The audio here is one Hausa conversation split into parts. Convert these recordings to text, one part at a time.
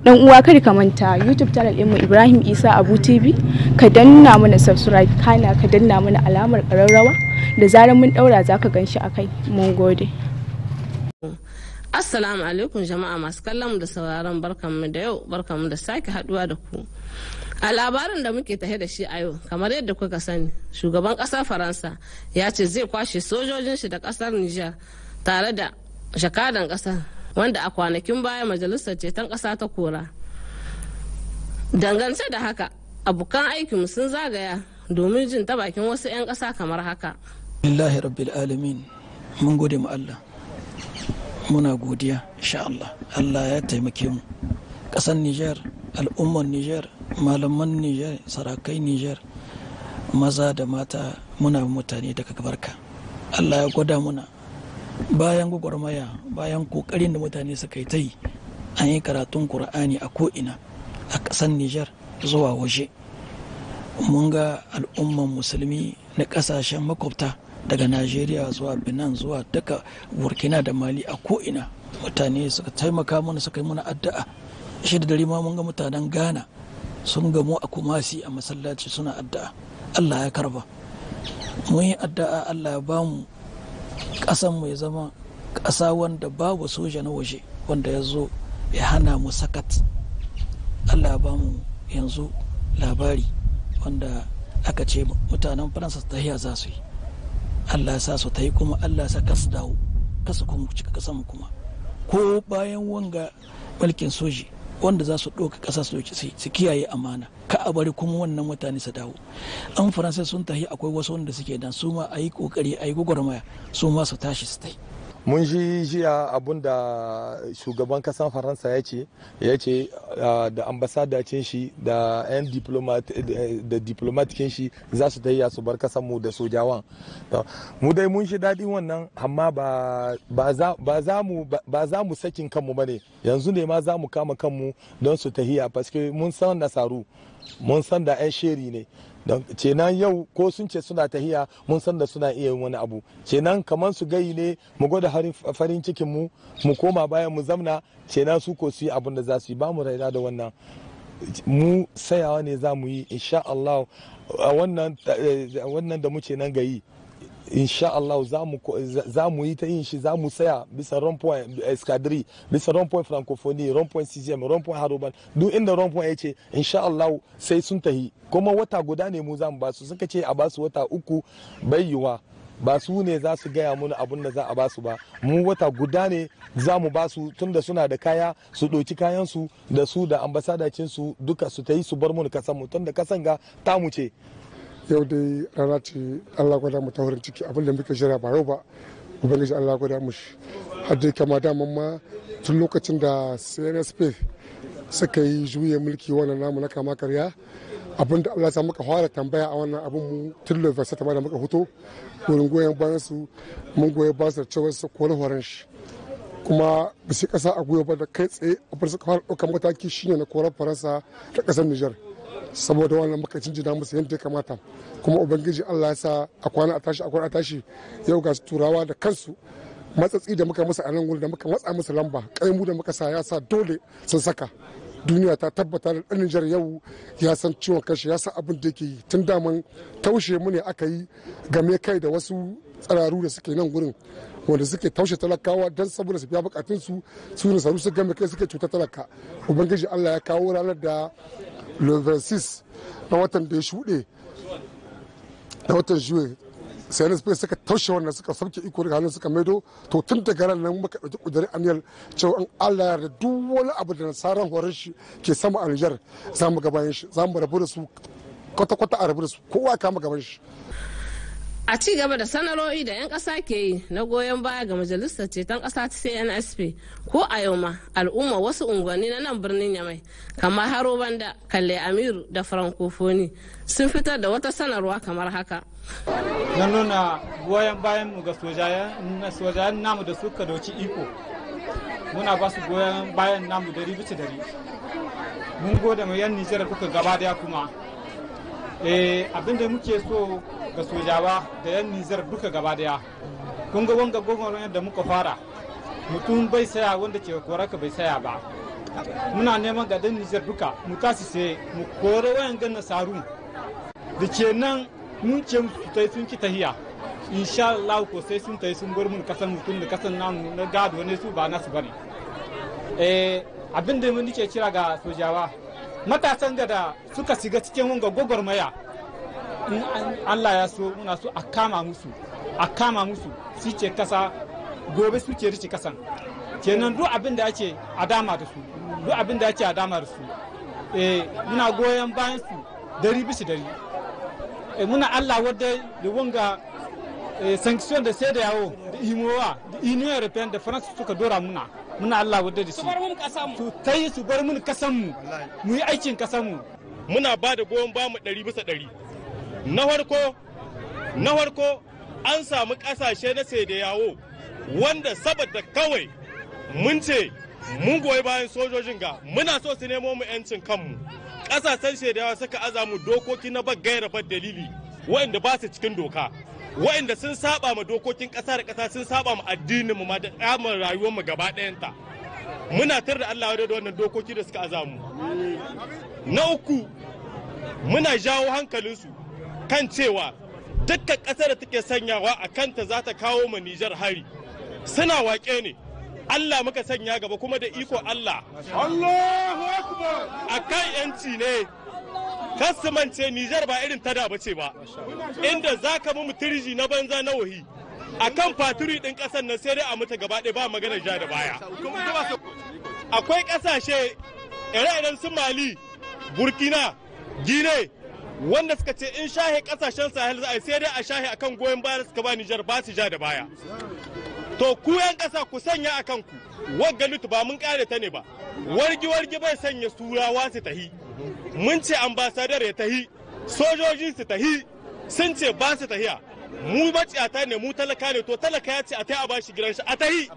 dan uwa kada ka manta youtube channel mu ibrahim isa abu tv ka danna mana subscribe kana ka danna mana alamar kararrawa da zarar mun daura za ka ganshi a kai mun gode assalamu alaikum jama'a masu kallon da sauraron mu da yau mu da sake haduwa da ku a labarin da muke tahe da shi a yau kamar yadda kuka sani shugaban kasar faransa ya ce zai kwashe sojojin shi da kasar niger tare da jakadan kasar wanda a kwanakin baya majalisar ceton ƙasa ta kora dangance da haka abokan aikinmu sun zagaya domin jin ta bakin wasu 'yan ƙasa kamar haka lillahi rabbil alamin mun gode mu allah muna godiya insha allah allah ya taimake mu ƙasar niger al'ummar nijar malaman niger sarakai nijar maza da mata muna mutane daga barka allah ya gwada muna bayan gwagwarmaya bayan kokarin da mutane suka yi ta yi an yi karatun kur'ani a ko'ina a ƙasar nijar zuwa waje mun ga al'umman musulmi na ƙasashen makwabta daga najeriya zuwa benin zuwa daga burkina da mali a ko'ina mutane suka taimaka mana suka yi mana addu'a shi da dare ma mun ga mutanen ghana sun gamu a kumasi a masallaci suna addu'a allah ya karba mun yi addu'a allah ya bamu mu ya zama ƙasa wanda babu soja na waje wanda ya zo ya hana mu sakat allah ba mu yanzu labari wanda aka ce mutanen faransa ta hiya za su yi allah sa su ta yi kuma allah sa kasu dawo kasu kuma cika kasan kuma ko bayan wanga mulkin soji wanda za su ɗauka ƙasa su kiyaye amana ka a bari kuma wannan mutane su dawo an faransa sun tahi akwai wasu wanda suke dan su ma a yi kokari a yi gwagwarmaya su ma su tashi su tai mun ji jiya abun da shugaban kasan faransa ya ce ya ce da ambasadacin shi da 'yan diplomatikin shi za su ta su bar kasan mu da sojawan mu dai mun shi daɗi wannan amma ba za mu sakin kanmu ba ne yanzu ne ma za mu kama kanmu don su tahiya paske mun san nasaru mun san da 'yan sheri ne cenan yau ko sun ce suna tahiya mun san da suna iya wani abu cenan kamar su gayi ne mu gwada farin cikin mu mu koma bayan mu zamna cenan su ko su yi abin da za su yi ba mu raida da wannan mu sayawa ne za mu yi insha Allah eh, wannan da muke nan gayi insha Allah za mu yi ta yin shi za mu saya bisa rompoint eh, escadri bisa rompoint francophonie rompoint cesième rompoint haroban duk inda rompoint ya ce insha Allah sai sun tahi kuma wata guda ne mu za mu basu suka ce a basu wata uku bayyuwa ba su ne za su gaya mana abin da za a basu ba mu wata guda ne za mu basu tunda suna da kaya su ɗauki kayansu da su da ambasadacinsu duka su ta yi su bar mun kasan mu tunda kasan ga tamu ce yau dai rana ce allah gwada mu ta wurin ciki abin muka muke ba yau ba ubangiji allah gwada mu shi har dai kama daman ma tun lokacin da cnsp suka yi juya mulki wannan namu na kama karya abinda da allah ya muka fara tambaya a wannan abin mu tun lokacin ta da muka fito wurin goyon bayan su mun goyon bayan su da cewar su kone horon shi kuma bisa kasa a goyon ba da kai tsaye bar su kawai ɗaukar mataki shine na korar faransa ta ƙasar nijar saboda wannan muka jinjina musu yadda ya kamata kuma ubangiji allah ya sa a kwana a tashi a kwana a tashi yau ga turawa da kansu matsatsi da muka musu a nan da muka matsa musu lamba kaimu da muka sa ya sa dole sun saka duniya ta tabbata da ɗan Nijar yau ya san ciwon kashi ya san abin da yake yi tun daman taushe mu ne aka yi game kai da wasu tsararu da suke nan gurin wanda suke taushe talakawa don saboda su biya bukatunsu su ne saru su game kai suke cutar talaka ubangiji Allah ya kawo ranar da levensis na watan da ya shuɗe na watan juye sayan space suka taushe wannan suka sauke iko daga hannun suka maido to tun daga ran nan muka ɗauki ƙudurin aniyar cewa an allah yarda duk wani abu da nasarar horon shi ke sama a nijar za mu gabayin shi za mu rabu da su kwata-kwata a rabu da su kowa kama gaban shi a ci gaba da sanarori da 'yan kasa ke yi na goyon baya ga majalisar ceton kasa ta cnsp ko a yau ma al'umma wasu unguwanni na nan birnin yamai kamar haro banda kalle amiru da francophonie sun fitar da wata sanarwa kamar haka na nuna goyon bayan mu ga sojayen namu da suka doci iko muna ba su goyon bayan namu dari bici dari mun gode mu yan nijar kuka gaba daya kuma Eh, abin da muke so ga sojawa da yan nizar duka gaba daya kun ga wanga gwamnati da muka fara mutum bai saya wanda ke koraka bai saya ba muna neman ga dan nizar duka mu tashi sai mu kore wayan gan nasaru da ke nan mun ce mu fitai sun ki tahiya insha Allah ko sai sun tai sun gurmun kasan mutum da kasan namu na gado ne su ba nasu bane eh abin da mun nike kira ga sojawa matasan da suka shiga cikin wanga gwagwarmaya in allah ya so muna so a kama musu a kama musu su ce kasa gobe su ce rici kasan kenan duk abin da ake a dama da su duk abin da ake a dama da su eh muna goyon bayan su dari bisa dari eh muna allah wadda da wunga eh, sanction da sai da yawo da imowa da union european da france suka dora muna muna Allah wadda da su su ta yi su bar mun kasanmu mu yi aikin kasanmu muna ba da goyon ba mu ɗari bisa ɗari na farko na farko an samu ƙasashe na sai da yawo wanda saboda kawai mun ce mun goyi bayan sojojin ga muna so su nemo mu yancin kanmu ƙasashen shaidawa suka aza dokoki na gairabar dalili waɗanda ba su cikin doka waɗanda sun saba ma dokokin ƙasa da ƙasa sun saba ma addinin mu ma da tsamar rayuwar mu gaba ɗayanta muna tar da Allah da wannan dokoki da suka azamu na uku muna jawo su kan cewa dukkan ƙasar da take sanyawa a kanta za ta kawo ma Nijar hari suna waƙe ne Allah muka sanya gaba kuma da iko Allah Allahu Akbar akan yanci ne kasumance Nijar ba irin ta da ce ba inda za ka mu turji na banza na wahi a kan faturi ɗin ƙasar nan sai dai a mutu gaba ɗaya ba magana ja da baya akwai ƙasashe ire-iren su mali burkina gine wanda suka ce in shahe ƙasashen sahel za a sai dai a shahe akan goyon baya suka ba nijar ba su ja da baya to ku yan kasa ku sanya a kanku wagga lutu ba mun ƙare ta ne ba wargi-wargi bai sanya surawa su tahi mun ce ambasadar ya tahi sojojin su tahi sun ce ba su tahiya mu maciyata ne mu talaka ne to talaka ya ce a tai a bashi gidan shi a tahi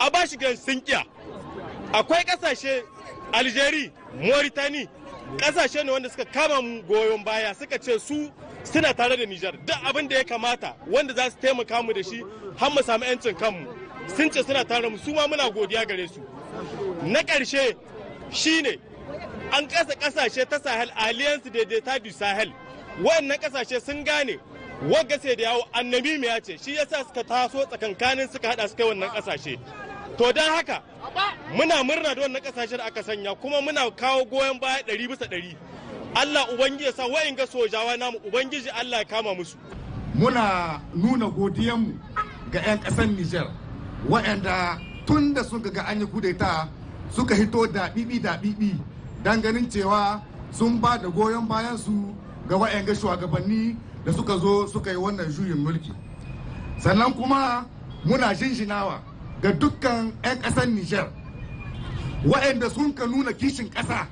a bashi gidan sun kiya akwai kasashe aljeri moritani kasashe ne wanda suka kama mu goyon baya suka ce su suna tare da nijar duk abin da ya kamata wanda za su taimaka mu da shi har mu samu 'yancin kanmu sun ce suna tare mu su ma muna godiya gare su na ƙarshe shine an kasa kasashe ta sahel alliance ta du sahel wannan kasashe sun gane wagga sai da yawo annabi mai ya ce shi yasa suka taso tsakankanin suka hada suka wannan kasashe to don haka muna murna da wannan kasashe da aka sanya kuma muna kawo goyon baya ɗari bisa ɗari allah ubangiji ya sa wa'in ga sojawa namu ubangiji allah ya kama musu muna nuna godiyanmu ga 'yan ƙasar niger wa'anda tun da suka ga an yi kudeta suka hito da bibi da bibi don ganin cewa sun ba da goyon bayan su ga ga shugabanni da suka zo suka yi wannan juyin mulki sannan kuma muna shinshinawa ga dukkan 'yan ƙasar nijar wa'yanda sun ka nuna kishin ƙasa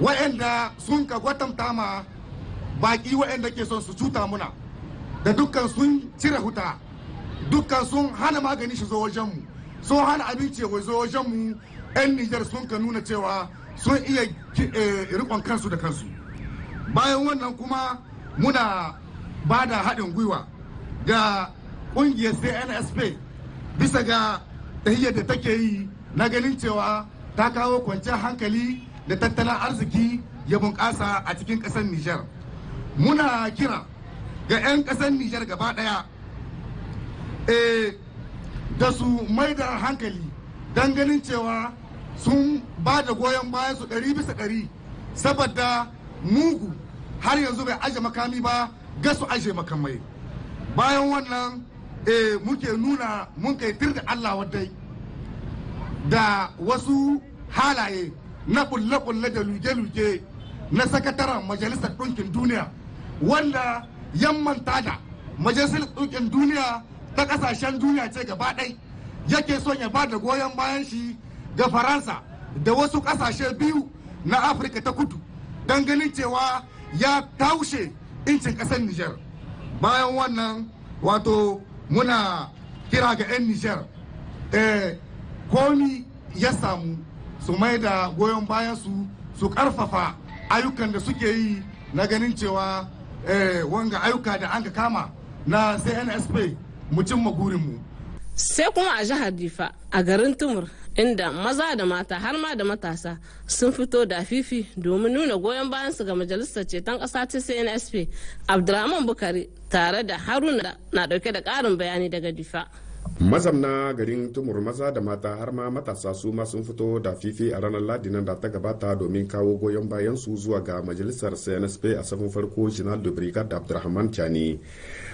wa'yanda sun ka gwatanta ma baƙi wa'yanda ke son su cuta muna da dukkan sun cire huta dukkan sun hana magani shi zo wajenmu sun hana abinci ya zo wajenmu 'yan nijar sun ka nuna cewa sun iya eh, rikon kansu da kansu bayan wannan kuma muna ba da haɗin gwiwa ga ƙungiyar cnsp bisa ga tahiyyar da take yi na ganin cewa ta kawo kwanciyar hankali da tattalin arziki ya bunƙasa a cikin ƙasar nijar muna kira ga 'yan ƙasar nijar gaba ɗaya eh, da su maida hankali don ganin cewa sun ba da goyon bayan su ɗari bisa ɗari saboda mugu har yanzu bai aje makami ba ga su aje makamai bayan wannan e, muke nuna mun kai tir da allah wadai da wasu halaye na kulle-kulle da luge-luge na sakataren majalisar ɗunkin duniya wanda manta da majalisar ɗunkin duniya ta ƙasashen duniya ce gaba ɗai yake son ya ba da goyon bayan shi ga faransa da wasu kasashe biyu na afirka ta kudu don ganin cewa ya taushe incin ƙasar niger bayan wannan wato muna kira ga 'yan niger eh, komi ya samu su mai da goyon bayan su su ƙarfafa ayyukan da suke yi na ganin cewa eh, wanga ayyuka da an ka kama na cnsp mu cimma gurinmu sai kuma a jihar difa a garin tumur inda maza da mata har ma da matasa sun fito da fifi domin nuna goyon bayan su ga majalisar ceton ƙasa ta cnsp abdulrahman bukari tare da haruna na dauke da ƙarin bayani daga difa. mazamna garin tumur maza da mata har ma matasa su ma sun fito da fifi a ranar ladinan da ta gabata domin kawo goyon bayan su zuwa ga majalisar cnsp a safin farko jinal da brigade abdulrahman chani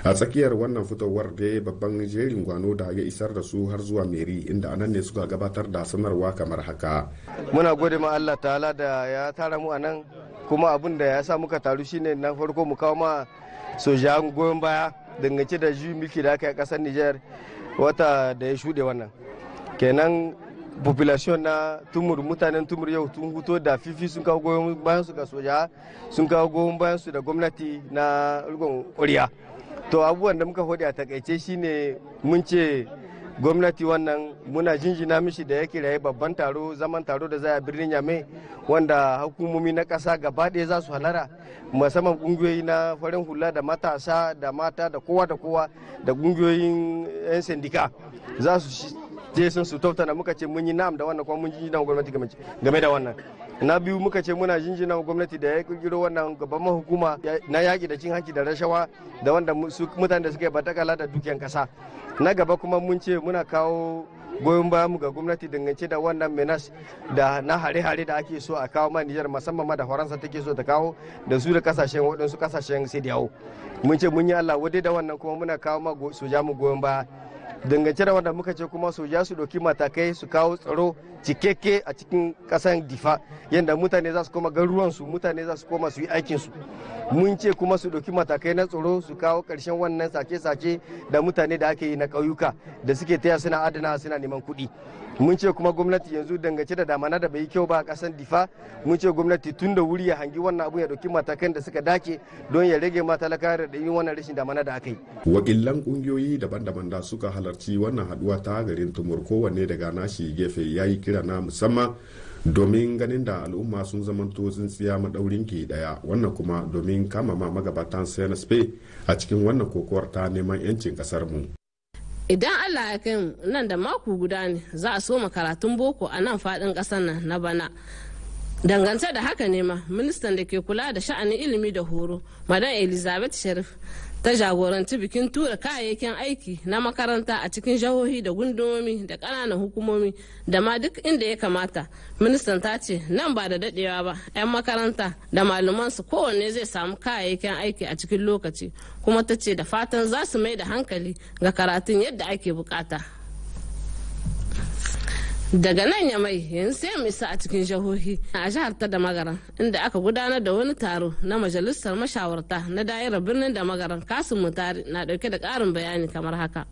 a tsakiyar wannan fitowar da babban jerin gwano da ya isar da su har zuwa meri inda anan ne suka gabatar da sanarwa kamar haka muna gode ma allah ta'ala da ya tara mu a nan kuma abin da ya sa muka taru shine na farko mu kawo ma sojan goyon baya dangance da juyin miki da aka yi kasar niger wata da ya shuɗe wannan kenan population na tumur mutanen tumur yau tun hutu da fifi sun kawo goyon bayan su ga soja sun kawo goyon bayan su da gwamnati na rigon kuriya to abubuwan da muka hodi a takaice shine mun ce gwamnati wannan muna jinjina mishi da ya kiraye babban taro zaman taro da za a birnin yame wanda hukumomi na ƙasa gaba ɗaya za su halara musamman ƙungiyoyi na farin hula da matasa da mata da kowa da kowa da ƙungiyoyin 'yan sindika za su je sun su tautana muka ce mun yi na'am da wannan kuma mun jinjina gwamnati game da wannan na biyu muka ce muna jinjina gwamnati da ya kirkiro wannan gaban hukuma na yaƙi da cin hanci da rashawa da wanda mutane da suka yi batakala da dukiyan kasa na gaba kuma mun ce muna kawo goyon bayan mu ga gwamnati dangance da wannan menas da na hare-hare da ake so a kawo ma Nijar musamman ma da Faransa take so ta kawo da su da kasashen waɗansu kasashen sai da yawo mun ce mun yi Allah wadai da wannan kuma muna kawo ma su ja mu goyon baya dangance da wanda muka ce kuma soja su ɗauki matakai su kawo tsaro cikakke a cikin ƙasar difa yadda mutane za su koma garuruwansu mutane za su koma su yi aikinsu mun ce kuma su ɗauki matakai na tsaro su kawo karshen wannan sace-sace da mutane da ake yi na ƙauyuka da suke taya suna adana suna neman kuɗi mun ce kuma gwamnati yanzu dangance da damana da bai yi kyau ba a kasan difa mun ce gwamnati tun da wuri ya hangi wannan abu ya dauki matakan da suka dace don ya rage mata talaka da yin wannan rashin damana da aka yi wakilan kungiyoyi daban-daban da suka halarci wannan haduwa ta garin tumur kowanne daga nashi gefe ya yi kira na musamman domin ganin da al'umma sun zamanto tsintsiya madaurin ke daya wannan kuma domin kama ma magabatan cnsp a cikin wannan kokowar ta neman yancin kasar mu idan allah ya kai mu nan da mako guda ne za a soma karatun boko a nan fadin kasar nan na bana dangance da haka ne ma ministan da ke kula da sha'anin ilimi da horo madan elizabeth sharif ta jagoranci bikin tura kayayyakin aiki na makaranta a cikin jahohi da gundumomi da ƙananan hukumomi da ma duk inda ya kamata ministan ta ce nan ba da dadewa ba 'yan makaranta da malamansu kowanne zai samu kayayyakin aiki a cikin lokaci kuma ta ce da fatan za su mai da hankali ga karatun yadda ake bukata daga nan ya mai yanzu sai mu isa a cikin jihohi a jihar ta da magaran inda aka gudanar da wani taro na majalisar mashawarta na da'irar birnin da magaran kasim mutari na dauke da karin bayani kamar haka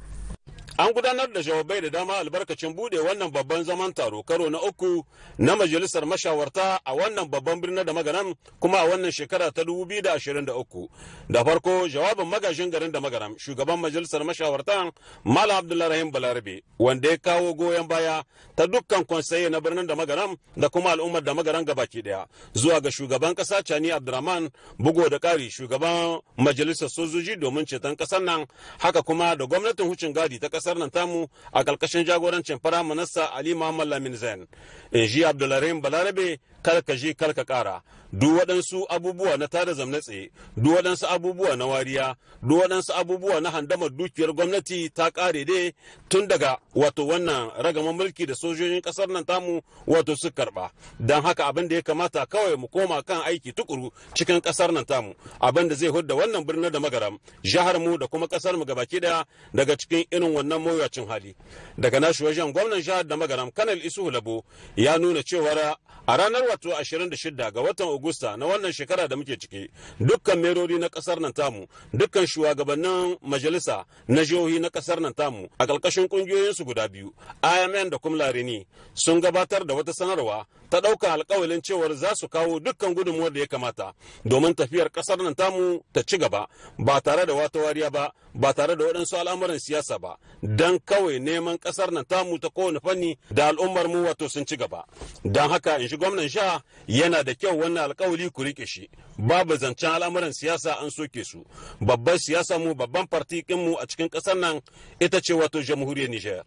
An gudanar da jawabai da dama albarkacin bude wannan babban zaman taro karo na uku na majalisar mashawarta a wannan babban birnin da magaram kuma a wannan shekara ta 2023. Da farko jawabin magajin garin da magaram shugaban majalisar mashawarta Malam Abdullahi Balarabe wanda ya kawo goyon baya ta dukkan kwansaye na birnin da magaram da kuma al'ummar da magaram gabaki daya zuwa ga shugaban kasa cani Abdurrahman bugo da kari shugaban majalisar sojoji domin ceton kasar nan haka kuma da gwamnatin hucin gadi ta kasar nan tamu a ƙarƙashin jagorancin firaminista ali muhammad lamin zain in ji abdulrahim balarabe kar ka je kar ka ƙara duk waɗansu abubuwa na tada zamna tsaye duk waɗansu abubuwa na wariya duk waɗansu abubuwa na handamar dukiyar gwamnati ta ƙare dai tun daga wato wannan ragaman mulki da sojojin ƙasar nan tamu wato su karɓa don haka abin da ya kamata kawai mu koma kan aiki tukuru cikin ƙasar nan tamu abin da zai hudda wannan birnin da magaram jihar mu da kuma ƙasar mu gabaki daya daga cikin irin wannan mawuyacin hali daga nashi wajen gwamnan jihar da magaram kanal isu labo ya nuna cewa. A ranar wato 26 ga watan Agusta na wannan shekara da muke ciki, dukkan merori na kasar nan tamu, dukkan shugabannin majalisa na jihohi na kasar nan tamu a ƙarƙashin ƙungiyoyinsu guda biyu, IMN da kuma Larini, sun gabatar da wata sanarwa ta ɗaukar alƙawalin cewar za su kawo dukkan gudunmuwar da ya kamata domin tafiyar kasar nan tamu ta ci gaba ba tare da wata wariya ba ba tare da waɗansu al'amuran siyasa ba don kawai neman ƙasar nan tamu ta kowane fanni da al'ummar mu wato sun ci gaba don haka in shi gwamnan sha yana da kyau wannan alkawali ku rike shi babu zancen al'amuran siyasa an soke su babban siyasa mu babban farti mu a cikin ƙasar nan ita ce wato jamhuriyar Nijar.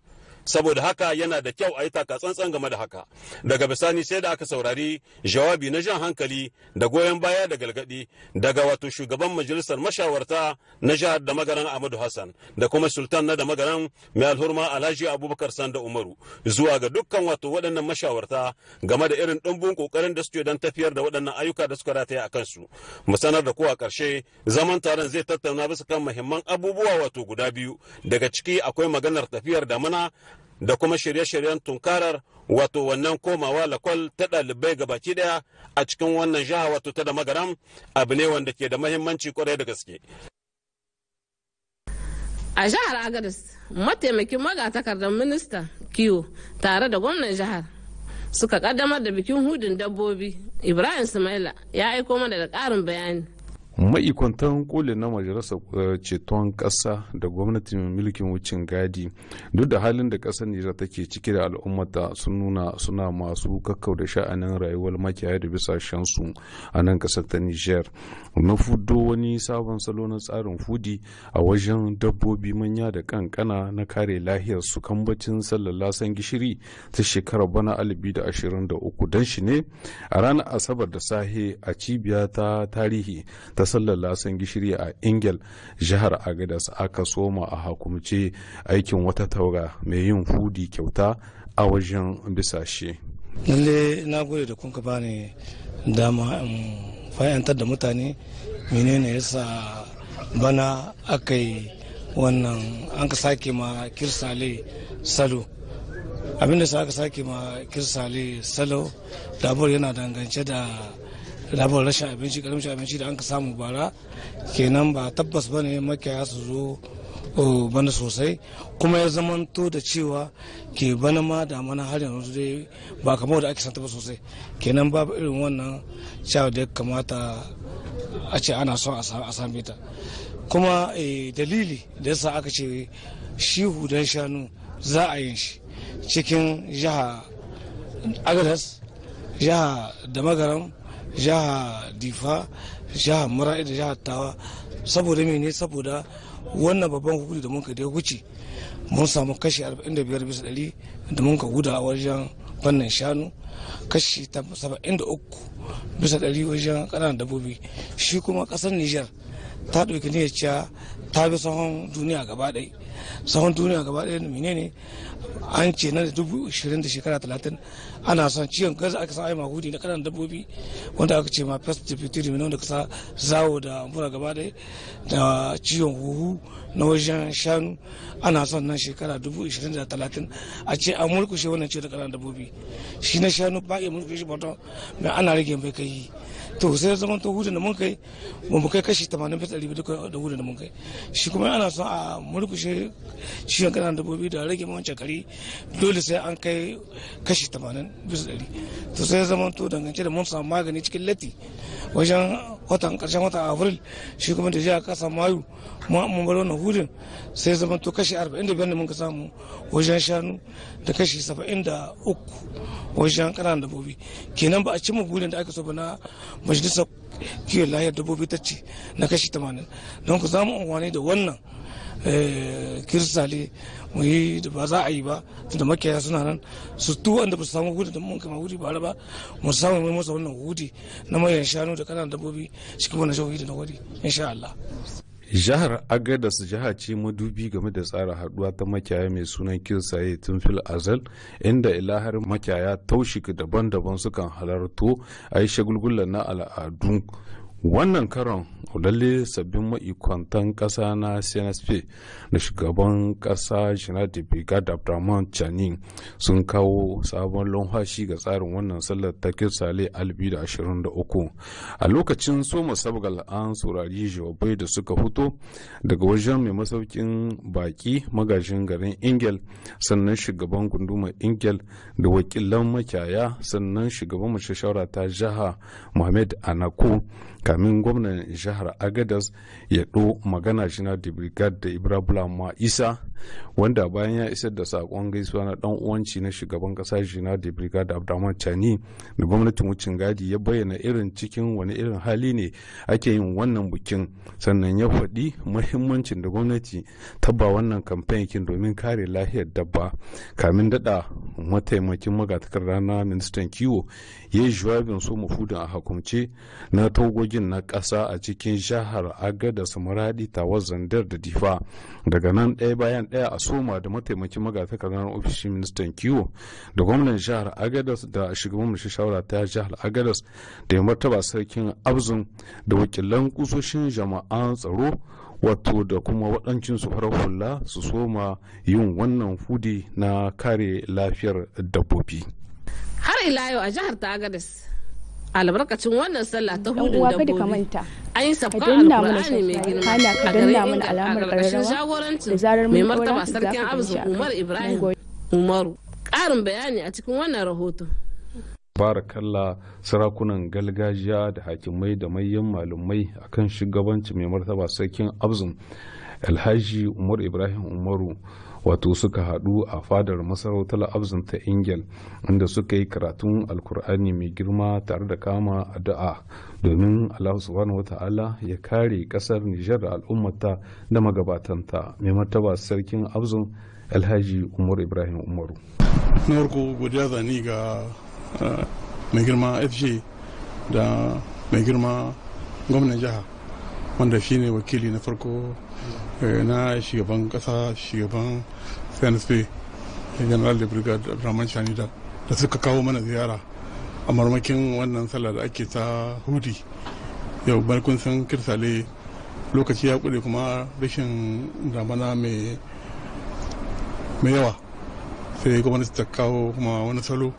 saboda haka yana da kyau a yi tsantsan game da haka daga bisani sai da aka saurari jawabi na jan hankali da goyon baya da galgadi daga wato shugaban majalisar mashawarta na jihar da magaran amadu hassan da kuma sultan na da magaran mai alhurma alhaji abubakar sanda umaru zuwa ga dukkan wato waɗannan mashawarta game da irin ɗumbun ƙoƙarin da suke don tafiyar da waɗannan ayyuka da suka rataya a kansu mu sanar da kowa ƙarshe zaman taron zai tattauna bisa kan muhimman abubuwa wato guda biyu daga ciki akwai maganar tafiyar da mana. da kuma shirye-shiryen tunkarar wato wannan komawa lakwal ta ɗalibai baki ɗaya a cikin wannan jiha wato ta da magaram abu ne wanda ke da mahimmanci kwarai da gaske. A jihar Agadis, mataimakin magatakardar minista kiwo tare da gwamnan jihar suka kaddamar da bikin hudun dabbobi Ibrahim Sumaila ya aiko mana da ƙarin bayani. ma'ikwantan koli na majalisar eh, ceton ƙasa da gwamnatin mulkin wucin gadi duk da halin da ƙasar nijar take ciki da al'ummata sun nuna suna masu kakkau da sha'anin rayuwar makiyaya da bisa shansu a nan ƙasar ta nijar na fudo wani sabon salo na tsarin fudi a wajen dabbobi manya da kankana na kare lahiyar su kambacin sallallasan gishiri ta shekarar bana alibi da ashirin da uku don shi ne a ranar asabar da sahe a cibiya ta tarihi ta sallar lasan gishiri a ingil jihar agadas aka soma a hakumce aikin wata taura mai yin hudi kyauta a wajen bisa bisashe lalle na gode da kunka bani dama fayantar da mutane menene yasa bana aka yi wannan an ka sake ma kirsale salo abinda sa aka sake ma kirsale salo dabar yana dangance da labar rashin abinci karamcin abinci da an ka samu bara kenan ba tabbas ba ne makiyaya su zo bana sosai kuma ya zamanto da cewa ke bana ma da mana har yanzu dai ba kamar da ake santa ba sosai kenan babu irin wannan cewa da ya kamata a ce ana son a same ta kuma e, dalili da yasa aka ce shi hudan shanu za a yin shi cikin jiha agadas jiha da magaram jiha difa jiha mura'i da jiha tawa saboda ne saboda wannan babban hukuri da muka dai wuce mun samu kashi 45 bisa ɗari da muka guda a wajen fannin shanu kashi 73 bisa ɗari wajen ƙananan dabbobi shi kuma kasar niger ta ɗauki niyyar ta bi sahon duniya gaba ɗaya sahun duniya gaba ɗaya ne menene an ce na da dubu ishirin da shekara talatin ana son ciwon za a kasa ai hudu na kanan dabbobi wanda aka ce ma pest diphtheria mai wanda kasa zawo da mura gaba ɗaya da ciwon huhu na wajen shanu ana son nan shekara dubu ishirin da talatin a ce an mulkushe wannan ciwon da kanan dabbobi shi na shanu ba a iya mulkushe ba mai ana rage mai kai to sai zama to hudu da mun kai ba mu kai kashi 80 bisa 100 duka da hudu da mun kai shi kuma ana son a murkushe shi ciwon kanan dabbobi da rage mawan cakari dole sai an kai kashi 80 bisa 100 to sai zama to dangance da mun samu magani cikin latti wajen watan karshen watan afril shi kuma da jiya kasa mayu mu amma bar wannan hudun sai zama to kashi 45 da mun ka samu wajen shanu da kashi 73 wajen kananan dabbobi kenan ba a cimma gudun da aka so ba na majalisar kiwon lahiyar dabbobi ta ce na kashi 80 don ku samu unwani da wannan eh, kirsale mu yi da ba za a yi ba da makiyaya suna nan su tu wanda ba su samu hudu da mun kama hudu ba ba mu samu mai masa wannan hudu na mayan shanu da kanan dabbobi cikin wannan shawarwari da na wari insha Allah. jihar agadas jiha ce madubi game da tsara haduwa ta makiyaya mai sunan kirsaye tun fil azal inda ilahar makiyaya taushik daban-daban sukan halarto a yi shagulgula na al'adu wannan karon lalle sabbin ma'ikwantan ƙasa na cnsp da shugaban ƙasa janadi brigade abdurrahman chanin sun kawo sabon lumfashi ga tsarin wannan sallar ta kirsale 2023 a lokacin soma sabgal an saurari jawabai da suka fito daga wajen mai masaukin baki magajin garin ingel sannan shugaban gundumar ingel da wakilan makiyaya sannan shugaban mace ta jiha muhammad anako kamin gwamnan jihar agadas ya ɗo magana shi na brigade da ibrahim ma isa wanda bayan ya isar da saƙon gaisuwa na dan uwanci na shugaban kasa jina da brigade abdulrahman chani da gwamnatin wucin gadi ya bayyana irin cikin wani irin hali ne ake yin wannan bikin sannan ya faɗi muhimmancin da gwamnati ta ba wannan kamfen domin kare lahiyar dabba kamin daɗa mataimakin magatakarda na ministan kiwo ya yi jawabin su mafudin a hukumce na togogin na ƙasa a cikin jihar agada muradi ta zandar da difa daga nan ɗaya bayan ɗaya a soma da mataimakin magatakardar ofishin ministan kiwo da gwamnan jihar agadas da shugaban mashi shawara ta jihar agadas da ya martaba sarkin abzun da wakilan kusoshin jama'an tsaro wato da kuma waɗancin su farar hula su soma yin wannan fudi na kare lafiyar dabbobi. har ila yau a jihar ta agadas albarkacin wannan sallah ta hudun dabbobi an yi sabkan alkur'ani mai girma a garin a ƙarƙashin jagorancin mai martaba sarkin abzu umar ibrahim umaru ƙarin bayani a cikin wannan rahoto barakalla sarakunan galgajiya da hakimai da mayan malumai akan shugabanci mai martaba sarkin abzum alhaji umar ibrahim umaru wato suka haɗu a fadar masarautar abzin ta ingil inda suka yi karatun alkur'ani mai girma tare da kama addu'a domin allahu subhanahu ta'ala ya kare ƙasar nijar da al'ummata da magabatanta mai martaba sarkin abzin alhaji umar ibrahim umaru na godiya zani ga eh, mai girma fj da mai girma gwamnan jiha wanda shine wakili na farko Eh, na shugaban kasa shugaban cnsp general da brigade abdulrahman shanida da suka kawo mana ziyara a marmakin wannan sallah da ake ta hudi yau barkun san kirsale lokaci ya kure kuma rashin damana mai yawa sai gwamnati ta kawo kuma wani salo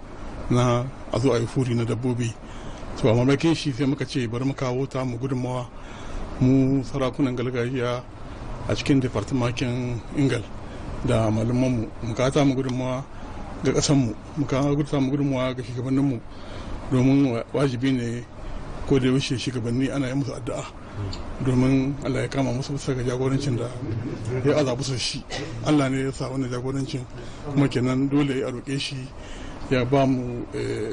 na a zo a yi furi na dabbobi to a mamakin shi sai muka ce bari mu kawo ta mu gudunmawa mu sarakunan gargajiya a cikin departamakin ingal da malumanmu mu ka ta mu gudunmawa ga kasanmu mu ka mu gudunmawa ga shugabanninmu domin wajibi ne ko da yaushe shugabanni ana yi musu addu'a domin Allah ya kama musu bisa ga jagorancin da ya azabu su shi Allah ne ya sa wannan jagorancin kuma kenan dole a roƙe shi ya ba mu eh,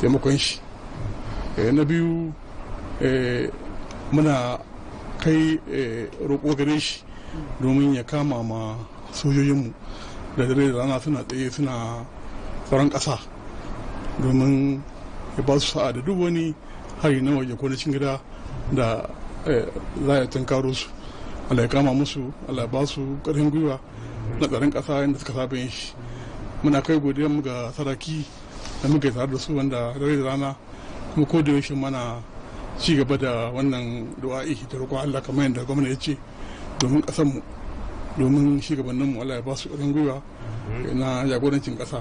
taimakon shi eh, na biyu eh, muna kai eh, roƙo gare shi domin ya kama ma sojojinmu da dare da rana suna tsaye suna tsaron ƙasa domin ya ba su sa'a da duk wani hari na waje ko na gida da eh, za a tunkaro su Allah ya kama musu Allah ya ba su ƙarfin gwiwa na tsaron ƙasa inda suka saba yin shi muna kai godiya mu ga saraki da muka yi tare da su wanda dare da rana kuma ko da yaushe mana ci gaba da wannan du'a'i da roƙon Allah kamar yadda gwamna ya ce domin ƙasarmu domin shugabanninmu Allah ya ba su ƙarin gwiwa na jagorancin ƙasa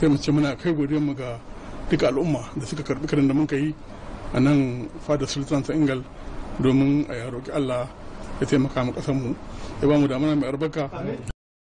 sai mu ce muna kai mu ga duka al'umma da suka karɓi karin da muka yi a nan fada sultan ta ingal domin a roƙi Allah ya taimaka mu ƙasarmu ya ba mu damana mai albarka